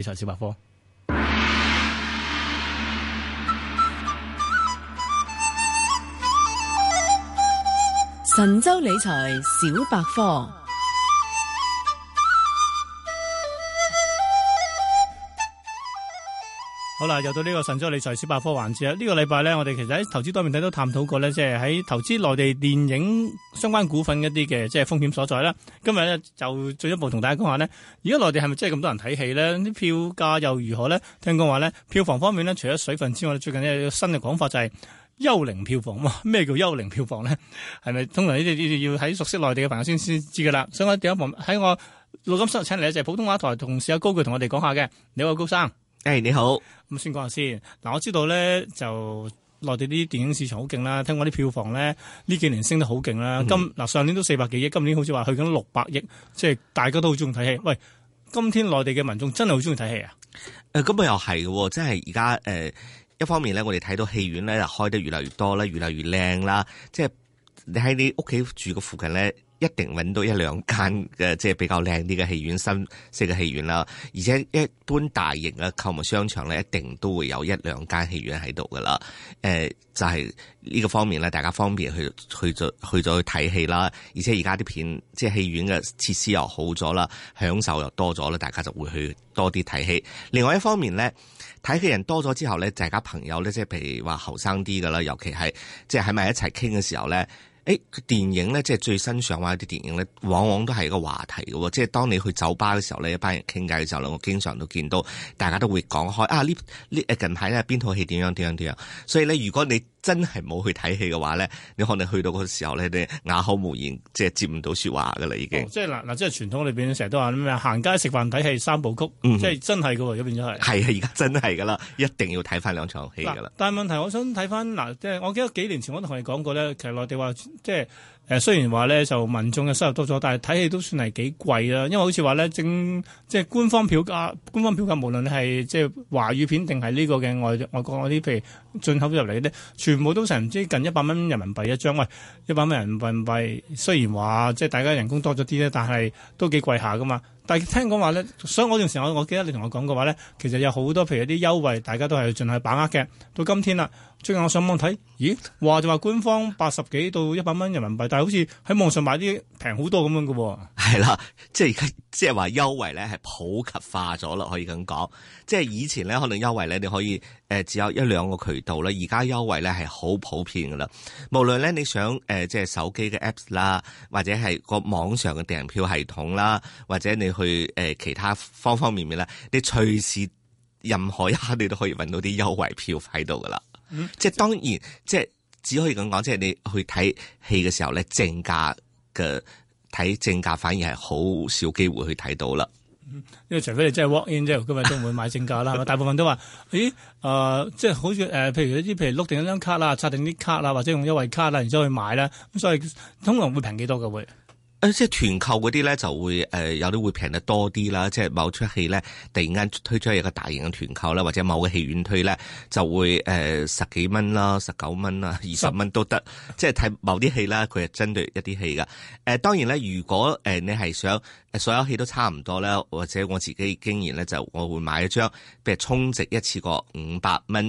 理財小百科，神州理財小百科。好啦，又到呢個神州理財小百科環節啦。呢、這個禮拜呢，我哋其實喺投資方面睇都探討過呢，即係喺投資內地電影相關股份一啲嘅，即、就、係、是、風險所在啦。今日呢，就進一步同大家講下呢，而家內地係咪真係咁多人睇戲呢？啲票價又如何呢？聽講話呢，票房方面呢，除咗水分之外，最近有新嘅講法就係幽靈票房。哇，咩叫幽靈票房呢？係咪通常呢啲要喺熟悉內地嘅朋友先先知噶啦？所以我第一步喺我錄音室請嚟嘅就係、是、普通話台同事阿高佢同我哋講下嘅，你好，高生。誒，hey, 你好咁先講下先嗱。我知道咧，就內地啲電影市場好勁啦。聽講啲票房咧呢幾年升得好勁啦。今嗱上年都四百幾億，今年好似話去緊六百億，即係大家都好中意睇戲。喂，今天內地嘅民眾真係好中意睇戲啊？誒、呃，咁、嗯、啊，又係嘅，即係而家誒，一方面咧，我哋睇到戲院咧又開得越嚟越多咧，越嚟越靚啦。即係你喺你屋企住個附近咧。一定揾到一兩間，嘅即係比較靚啲嘅戲院，新式嘅戲院啦，而且一般大型嘅購物商場咧，一定都會有一兩間戲院喺度噶啦。誒、呃，就係、是、呢個方面咧，大家方便去去咗去咗睇戲啦。而且而家啲片即係戲院嘅設施又好咗啦，享受又多咗啦，大家就會去多啲睇戲。另外一方面咧，睇戲人多咗之後咧，大家朋友咧，即係譬如話後生啲噶啦，尤其係即係喺埋一齊傾嘅時候咧。誒，電影呢，即係最新上畫啲電影呢，往往都係一個話題嘅喎。即係當你去酒吧嘅時候呢，一班人傾偈嘅時候呢，我經常都見到大家都會講開啊！呢呢近排呢，邊套戲點樣點樣點樣，所以呢，如果你真係冇去睇戲嘅話咧，你可能去到嗰時候咧，你啞口無言，即係接唔到說話嘅啦，已經、哦。即係嗱嗱，即係傳統裏邊成日都話咩行街食飯睇戲三部曲，嗯、哼即係真係噶喎，而家變咗係。係啊，而家真係噶啦， 一定要睇翻兩場戲噶啦。但係問題，我想睇翻嗱，即係我記得幾年前我都同你講過咧，其實內地話即係。誒雖然話咧就民眾嘅收入多咗，但係睇戲都算係幾貴啦。因為好似話咧，正即係官方票價，官方票價，無論你係即係華語片定係呢個嘅外外國嗰啲，譬如進口入嚟嗰啲，全部都成唔知近一百蚊人民幣一張。喂，一百蚊人民幣，雖然話即係大家人工多咗啲咧，但係都幾貴下噶嘛。但係聽講話咧，所以我嗰段時間，我記得你同我講過話咧，其實有好多譬如一啲優惠，大家都係盡力把握嘅。到今天啦，最近我上網睇，咦，話就話官方八十幾到一百蚊人民幣，但係好似喺網上買啲平好多咁樣嘅喎。係啦，即係而家即係話優惠咧係普及化咗啦，可以咁講。即係以前咧，可能優惠咧你可以誒只有一兩個渠道咧，而家優惠咧係好普遍嘅啦。無論咧你想誒即係手機嘅 Apps 啦，或者係個網上嘅訂票系統啦，或者你。去誒其他方方面面咧，你隨時任何一刻你都可以揾到啲優惠票喺度噶啦。嗯、即係當然，即係只可以咁講，即係你去睇戲嘅時候咧，正價嘅睇正價反而係好少機會去睇到啦、嗯。因為除非你真係 walk in 啫，佢咪都唔會買正價啦，係嘛？ 大部分都話，咦啊、呃，即係好似誒、呃，譬如一啲譬如碌定一張卡啦，刷定啲卡啦，或者用優惠卡啦，然之後去買啦。咁所以通常會平幾多嘅會？誒、啊，即係團購嗰啲咧就會，誒、呃、有啲會平得多啲啦。即係某出戲咧，突然間推出一個大型嘅團購啦，或者某個戲院推咧，就會誒、呃、十幾蚊啦、十九蚊啦、二十蚊都得。 即係睇某啲戲啦，佢係針對一啲戲噶。誒、呃、當然咧，如果誒、呃、你係想。誒，所有戲都差唔多啦，或者我自己經驗咧，就我會買一張，譬如充值一次過五百蚊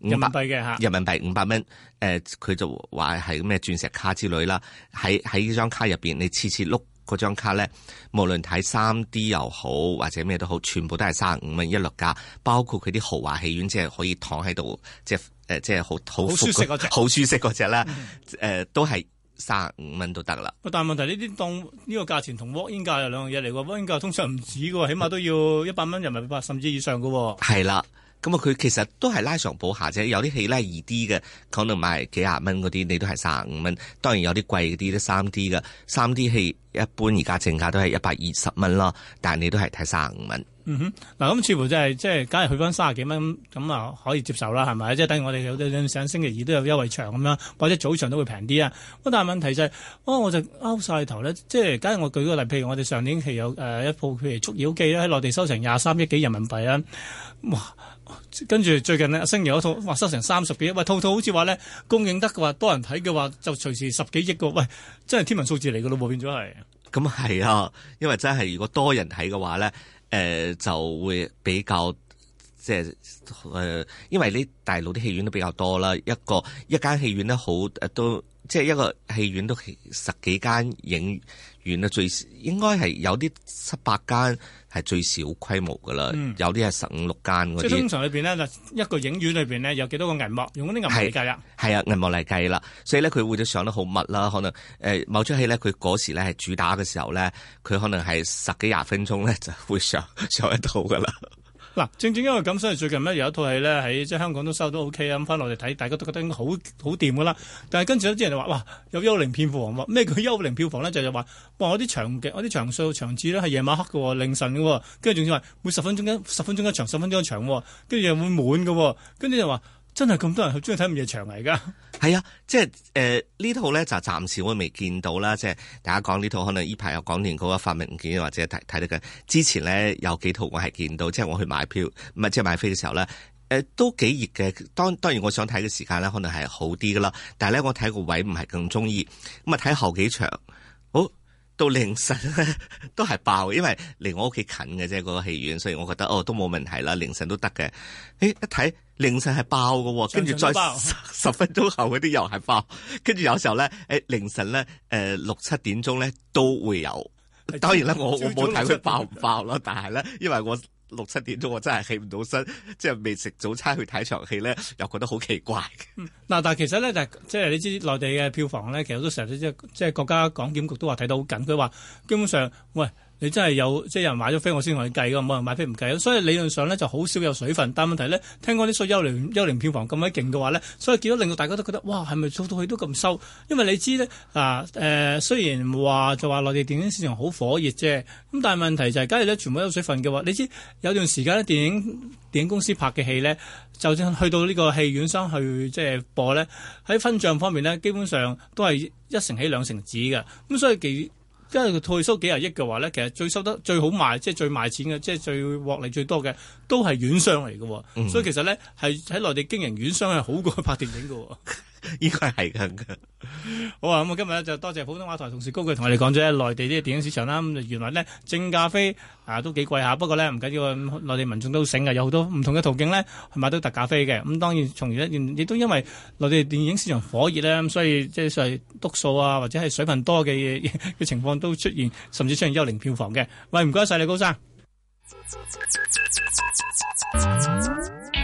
，500，人民幣嘅吓，人民幣五百蚊。誒、呃，佢就話係咩鑽石卡之類啦。喺喺呢張卡入邊，你次次碌嗰張卡咧，無論睇三 D 又好，或者咩都好，全部都係三十五蚊一碌㗎，包括佢啲豪華戲院，即係可以躺喺度，即係誒、呃，即係好好舒適，好 舒適嗰隻啦。誒、呃，都係。三十五蚊都得啦，但係問題呢啲當呢個價錢同 walk-in 價有兩樣嘢嚟㗎，walk-in 價通常唔止嘅，起碼都要一百蚊人民幣或甚至以上嘅。係啦。咁啊，佢其實都係拉上補下啫，有啲戲咧二 D 嘅，可能賣幾廿蚊嗰啲，你都係卅五蚊。當然有啲貴啲都三 D 嘅，三 D 戲一般而家正價都係一百二十蚊咯，但係你都係睇卅五蚊。嗱咁、嗯、似乎就係、是、即係，假如去翻卅幾蚊咁，咁啊可以接受啦，係咪？即係等於我哋有啲上星期二都有優惠場咁樣，或者早場都會平啲啊。不過問題就係、是哦，我我就拗晒頭咧，即係假如我舉個例，譬如我哋上年戲有誒一部譬如《捉妖記》喺內地收成廿三億幾人民幣啦，哇！跟住最近咧，星爺嗰套話收成三十幾億，喂，套套好似話咧供應得嘅話，多人睇嘅話就隨時十幾億個，喂，真係天文數字嚟嘅咯，變咗係。咁係、嗯、啊，因為真係如果多人睇嘅話咧，誒、呃、就會比較。即係誒，因為啲大陸啲戲院都比較多啦，一個一間戲院咧好誒，都即係一個戲院都十幾間影院咧，最應該係有啲七八間係最少規模噶啦，嗯、有啲係十五六間嗰啲。即係通常裏邊咧，一個影院裏邊咧有幾多個銀幕？用嗰啲銀幕嚟計啦，係啊，銀幕嚟計啦，所以咧佢會啲上得好密啦。可能誒、呃、某出戲咧，佢嗰時咧係主打嘅時候咧，佢可能係十幾廿分鐘咧就會上 上一套噶啦。正正因為咁，所以最近呢有一套戲咧喺即係香港都收到 O K 啊，咁翻落嚟睇，大家都覺得應該好好掂噶啦。但係跟住有啲人就話：哇，有幽靈票房喎？咩叫幽靈票房咧？就係話，哇，我啲場嘅，我啲場數、場次咧係夜晚黑嘅喎，凌晨嘅喎，跟住仲要話每十分鐘一十分鐘一場，十分鐘一場，跟住又會滿嘅喎，跟住就話。真係咁多人好中意睇午夜場嚟噶？係啊，即係誒呢套咧就暫時我未見到啦。即係大家講呢套可能呢排有講年個嘅發明件或者睇睇得緊。之前咧有幾套我係見到，即係我去買票唔係即係買飛嘅時候咧，誒、呃、都幾熱嘅。當當然我想睇嘅時間咧，可能係好啲噶啦。但係咧我睇個位唔係咁中意咁啊，睇後幾場。到凌晨咧都係爆，因為離我屋企近嘅啫，嗰個戲院，所以我覺得哦都冇問題啦，凌晨都得嘅。誒，一睇凌晨係爆㗎，跟住再十分鐘後嗰啲又係爆，跟住有時候咧，誒凌晨咧，誒六七點鐘咧都會有。當然啦，我我冇睇佢爆唔爆囉，但係咧，因為我。六七點鐘我真係起唔到身，即係未食早餐去睇場戲咧，又覺得好奇怪。嗱、嗯，但係其實咧，就即係你知內地嘅票房咧，其實都成日都即係即係國家港檢局都話睇到好緊，佢話基本上喂。你真係有即係有人買咗飛，我先同你計噶，冇人買飛唔計。所以理論上呢就好少有水分。但問題呢，聽講啲所謂幽靈幽靈票房咁鬼勁嘅話呢，所以見到令到大家都覺得哇，係咪套套戲都咁收？因為你知呢，嗱、啊、誒、呃，雖然話就話內地電影市場好火熱啫，咁但係問題就係、是、假如咧全部有水分嘅話，你知有段時間呢電影電影公司拍嘅戲呢，就算去到呢個戲院商去即係播呢，喺分賬方面呢，基本上都係一成起兩成止嘅，咁所以因為佢退收幾廿億嘅話咧，其實最收得最好賣，即係最賣錢嘅，即係最獲利最多嘅，都係院商嚟嘅，嗯、所以其實咧係喺內地經營院商係好過拍電影嘅。 應該係咁噶好啊，咁我今日呢，就多謝，謝普通話台同事高佢同我哋講咗咧內地啲電影市場啦。咁原來呢，正價飛啊都幾貴下，不過呢，唔緊要，內地民眾都醒啊，有好多唔同嘅途徑呢，係買到特價飛嘅。咁當然從而呢，從而咧亦都因為內地電影市場火熱，咁所以即係篤數啊，或者係水分多嘅嘅情況都出現，甚至出現幽靈票房嘅。喂，唔該晒你，高生。